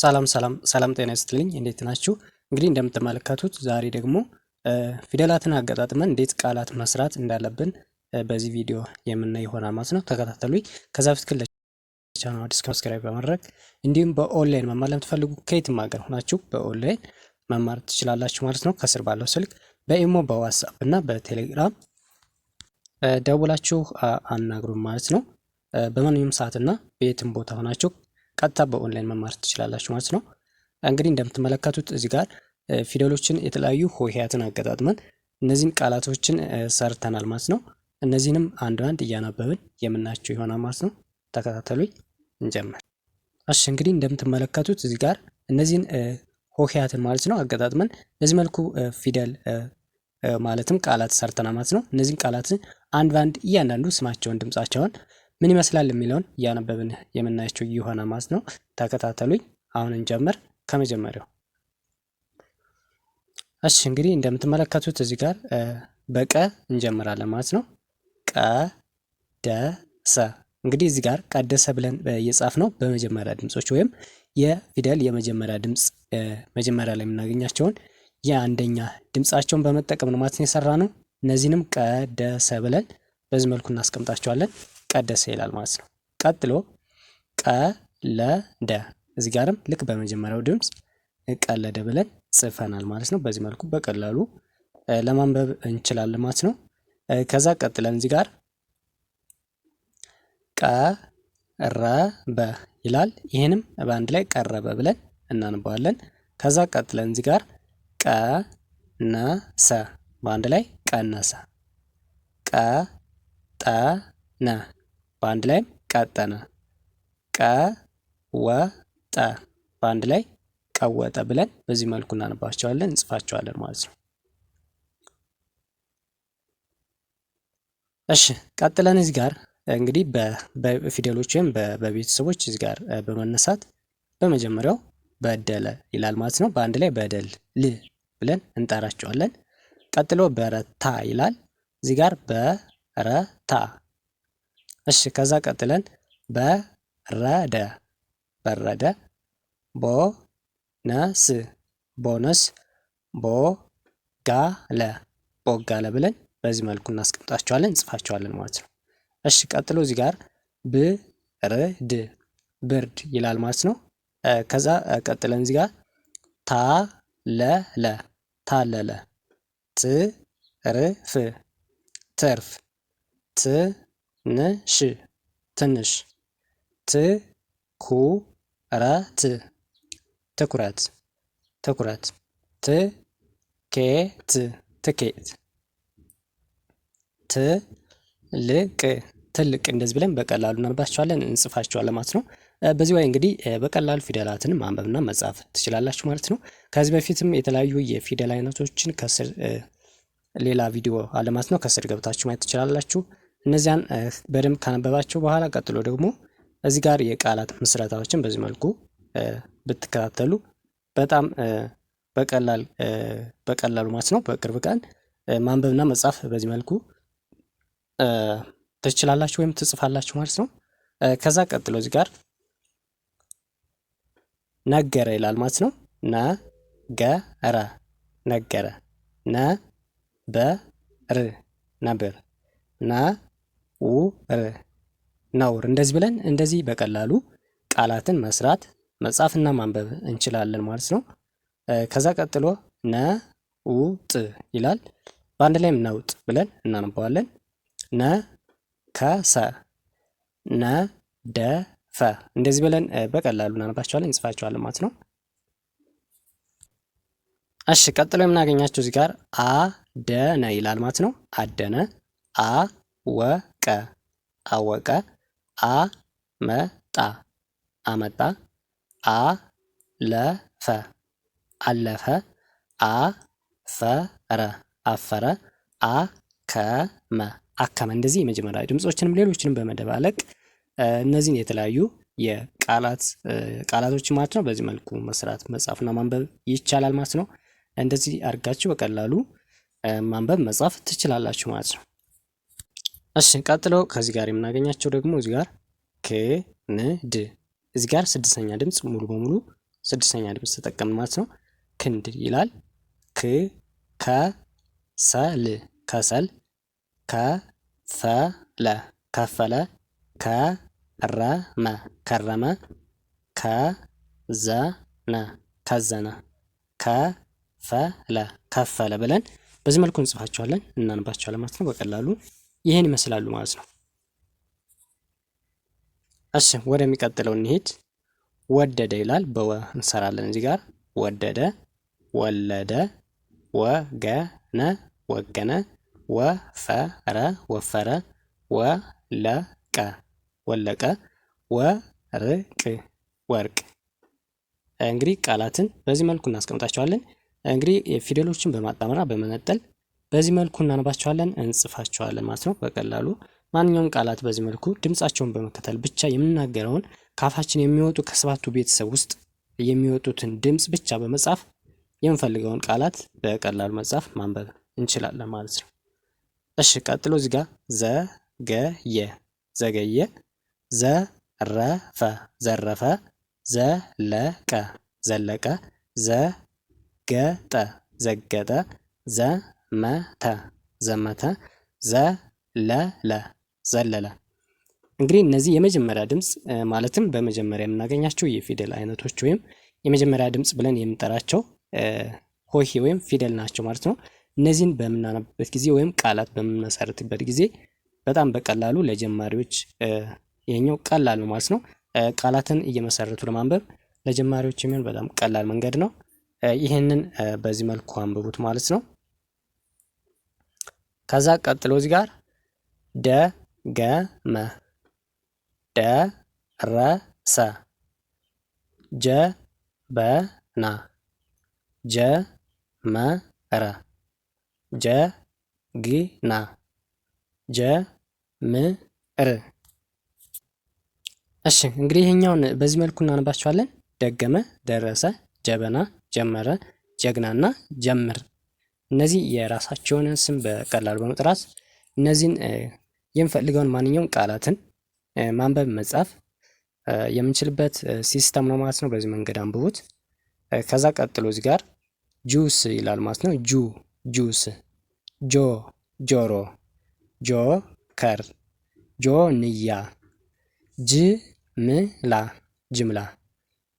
ሰላም ሰላም ሰላም ጤና ይስጥልኝ እንዴት ናችሁ? እንግዲህ እንደምትመለከቱት ዛሬ ደግሞ ፊደላትን አገጣጥመን እንዴት ቃላት መስራት እንዳለብን በዚህ ቪዲዮ የምናይ ይሆናል ማለት ነው። ተከታተሉኝ። ከዛ በፊት ግን ለቻናሉ አዲስ ሰብስክራይብ በማድረግ እንዲሁም በኦንላይን መማር ለምትፈልጉ ከየትም ሀገር ሆናችሁ በኦንላይን መማር ትችላላችሁ ማለት ነው። ከስር ባለው ስልክ በኢሞ በዋትስአፕ እና በቴሌግራም ደውላችሁ አናግሩን ማለት ነው። በማንኛውም ሰዓትና በየትም ቦታ ሆናችሁ ቀጥታ በኦንላይን መማር ትችላላችሁ ማለት ነው። እንግዲህ እንደምትመለከቱት እዚህ ጋር ፊደሎችን የተለያዩ ሆሄያትን አገጣጥመን እነዚህን ቃላቶችን ሰርተናል ማለት ነው። እነዚህንም አንድ አንድ እያናበብን የምናያቸው ይሆናል ማለት ነው። ተከታተሉኝ፣ እንጀምር። እሺ እንግዲህ እንደምትመለከቱት እዚህ ጋር እነዚህን ሆሄያትን ማለት ነው አገጣጥመን በዚህ መልኩ ፊደል ማለትም ቃላት ሰርተናል ማለት ነው። እነዚህን ቃላትን አንድ በአንድ እያንዳንዱ ስማቸውን፣ ድምጻቸውን ምን ይመስላል የሚለውን እያነበብን የምናያቸው የሆነ ማለት ነው። ተከታተሉኝ። አሁን እንጀምር ከመጀመሪያው። እሺ እንግዲህ እንደምትመለከቱት እዚህ ጋር በቀ እንጀምራለን ማለት ነው። ቀደሰ እንግዲህ እዚህ ጋር ቀደሰ ብለን የጻፍ ነው በመጀመሪያ ድምጾች ወይም የፊደል የመጀመሪያ ድምፅ መጀመሪያ ላይ የምናገኛቸውን የአንደኛ ድምፃቸውን በመጠቀም ነው ማለት ነው የሰራ ነው። እነዚህንም ቀደሰ ብለን በዚህ መልኩ እናስቀምጣቸዋለን። ቀደሰ ይላል ማለት ነው። ቀጥሎ ቀለደ እዚህ ጋርም ልክ በመጀመሪያው ድምፅ ቀለደ ብለን ጽፈናል ማለት ነው። በዚህ መልኩ በቀላሉ ለማንበብ እንችላለን ማለት ነው። ከዛ ቀጥለን እዚህ ጋር ቀረበ ይላል። ይህንም በአንድ ላይ ቀረበ ብለን እናንበዋለን። ከዛ ቀጥለን እዚህ ጋር ቀነሰ በአንድ ላይ ቀነሰ፣ ቀጠነ በአንድ ላይ ቀጠነ። ቀወጠ በአንድ ላይ ቀወጠ ብለን በዚህ መልኩ እናነባቸዋለን፣ እንጽፋቸዋለን ማለት ነው። እሺ ቀጥለን እዚህ ጋር እንግዲህ በፊደሎች ወይም በቤተሰቦች እዚህ ጋር በመነሳት በመጀመሪያው በደለ ይላል ማለት ነው። በአንድ ላይ በደል ል ብለን እንጠራቸዋለን። ቀጥሎ በረታ ይላል። እዚህ ጋር በረታ እሺ ከዛ ቀጥለን በረደ በረደ ቦነስ ቦነስ ቦጋለ ቦጋለ ብለን በዚህ መልኩ እናስቀምጣቸዋለን እንጽፋቸዋለን ማለት ነው። እሺ ቀጥሎ እዚህ ጋር ብርድ ብርድ ይላል ማለት ነው። ከዛ ቀጥለን እዚህ ጋር ታለለ ታለለ ትርፍ ትርፍ ት ንሽ ትንሽ ትኩረት ትኩረት ትኩረት ትኬት ትኬት ትልቅ ትልቅ እንደዚህ ብለን በቀላሉ እናነባቸዋለን እንጽፋቸዋለን ማለት ነው። በዚህ ላይ እንግዲህ በቀላሉ ፊደላትን ማንበብና መጻፍ ትችላላችሁ ማለት ነው። ከዚህ በፊትም የተለያዩ የፊደል አይነቶችን ከስር ሌላ ቪዲዮ አለ ማለት ነው። ከስር ገብታችሁ ማየት ትችላላችሁ። እነዚያን በደንብ ካነበባቸው በኋላ ቀጥሎ ደግሞ እዚህ ጋር የቃላት ምስረታዎችን በዚህ መልኩ ብትከታተሉ በጣም በቀላል በቀላሉ ማለት ነው። በቅርብ ቀን ማንበብና መጻፍ በዚህ መልኩ ትችላላችሁ ወይም ትጽፋላችሁ ማለት ነው። ከዛ ቀጥሎ እዚህ ጋር ነገረ ይላል ማለት ነው። ነገረ ነገረ ነበ ር ነበር ና ነውር። እንደዚህ ብለን እንደዚህ በቀላሉ ቃላትን መስራት መጻፍና ማንበብ እንችላለን ማለት ነው። ከዛ ቀጥሎ ነ ነውጥ ይላል። በአንድ ላይም ነውጥ ብለን እናነባዋለን። ነ ነ ከሰ ደ ፈ እንደዚህ ብለን በቀላሉ እናነባቸዋለን፣ እንጽፋቸዋለን ማለት ነው። እሺ ቀጥሎ የምናገኛቸው እዚህ ጋር አደነ ይላል ማለት ነው። አደነ አ ወቀ አወቀ አመጣ አመጣ አለፈ አለፈ አፈረ አፈረ አከመ አከመ እንደዚህ የመጀመሪያ ድምፆችንም ሌሎችንም በመደባለቅ እነዚህን የተለያዩ የቃላት ቃላቶች ማለት ነው። በዚህ መልኩ መስራት መጻፍና ማንበብ ይቻላል ማለት ነው። እንደዚህ አድርጋችሁ በቀላሉ ማንበብ መጻፍ ትችላላችሁ ማለት ነው። እሺ ቀጥለው ከዚህ ጋር የምናገኛቸው ደግሞ እዚህ ጋር ክንድ እዚህ ጋር ስድስተኛ ድምፅ ሙሉ በሙሉ ስድስተኛ ድምፅ ተጠቀምን ማለት ነው። ክንድ ይላል። ክ ከሰል ከሰል ከፈለ ከፈለ ከረመ ከረመ ከዘነ ከዘነ ከፈለ ከፈለ ብለን በዚህ መልኩ እንጽፋቸዋለን እናንባቸዋለን ማለት ነው በቀላሉ ይህን ይመስላሉ ማለት ነው። እሺ ወደሚቀጥለው እንሂድ። ወደደ ይላል በወ እንሰራለን እዚህ ጋር ወደደ፣ ወለደ፣ ወገነ፣ ወገነ፣ ወፈረ፣ ወፈረ፣ ወለቀ፣ ወለቀ፣ ወርቅ፣ ወርቅ። እንግዲህ ቃላትን በዚህ መልኩ እናስቀምጣቸዋለን። እንግዲህ ፊደሎችን በማጣመራ በመነጠል በዚህ መልኩ እናነባቸዋለን እንጽፋቸዋለን ማለት ነው በቀላሉ ማንኛውም ቃላት በዚህ መልኩ ድምፃቸውን በመከተል ብቻ የምናገረውን ካፋችን የሚወጡ ከሰባቱ ቤተሰብ ውስጥ የሚወጡትን ድምፅ ብቻ በመጻፍ የምንፈልገውን ቃላት በቀላሉ መጻፍ ማንበብ እንችላለን ማለት ነው። እሺ ቀጥሎ እዚህ ጋር ዘገየ ዘገየ፣ ዘረፈ ዘረፈ፣ ዘለቀ ዘለቀ፣ ዘገጠ ዘገጠ፣ ዘ መተ ዘመተ ዘለለ ዘለለ። እንግዲህ እነዚህ የመጀመሪያ ድምፅ ማለትም በመጀመሪያ የምናገኛቸው የፊደል አይነቶች ወይም የመጀመሪያ ድምፅ ብለን የምንጠራቸው ሆሄ ወይም ፊደል ናቸው ማለት ነው። እነዚህን በምናነብበት ጊዜ ወይም ቃላት በምንመሰርትበት ጊዜ በጣም በቀላሉ ለጀማሪዎች የኛው ቀላል ነው ማለት ነው። ቃላትን እየመሰረቱ ለማንበብ ለጀማሪዎች የሚሆን በጣም ቀላል መንገድ ነው። ይህንን በዚህ መልኩ አንብቡት ማለት ነው። ከዛ ቀጥሎ እዚህ ጋር ደገመ፣ ደረሰ፣ ጀበና፣ ጀመረ፣ ጀግና፣ ጀምር። እሺ እንግዲህ ይሄኛውን በዚህ መልኩ እናነባቸዋለን። ደገመ፣ ደረሰ፣ ጀበና፣ ጀመረ፣ ጀግናና ጀምር እነዚህ የራሳቸውን ስም በቀላሉ በመጥራት እነዚህን የምፈልገውን ማንኛውም ቃላትን ማንበብ መጻፍ የምንችልበት ሲስተም ነው ማለት ነው። በዚህ መንገድ አንብቡት። ከዛ ቀጥሎ እዚህ ጋር ጁስ ይላል ማለት ነው። ጁ ጁስ፣ ጆ ጆሮ፣ ጆ ከር፣ ጆ ንያ፣ ጅ ምላ ጅምላ፣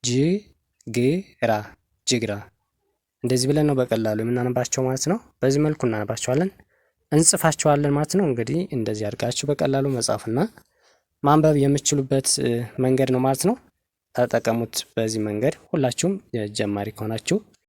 ጅግራ ጅግራ እንደዚህ ብለን ነው በቀላሉ የምናነባቸው ማለት ነው። በዚህ መልኩ እናነባቸዋለን እንጽፋቸዋለን ማለት ነው። እንግዲህ እንደዚህ አድርጋችሁ በቀላሉ መጻፍና ማንበብ የምችሉበት መንገድ ነው ማለት ነው። ተጠቀሙት በዚህ መንገድ ሁላችሁም ጀማሪ ከሆናችሁ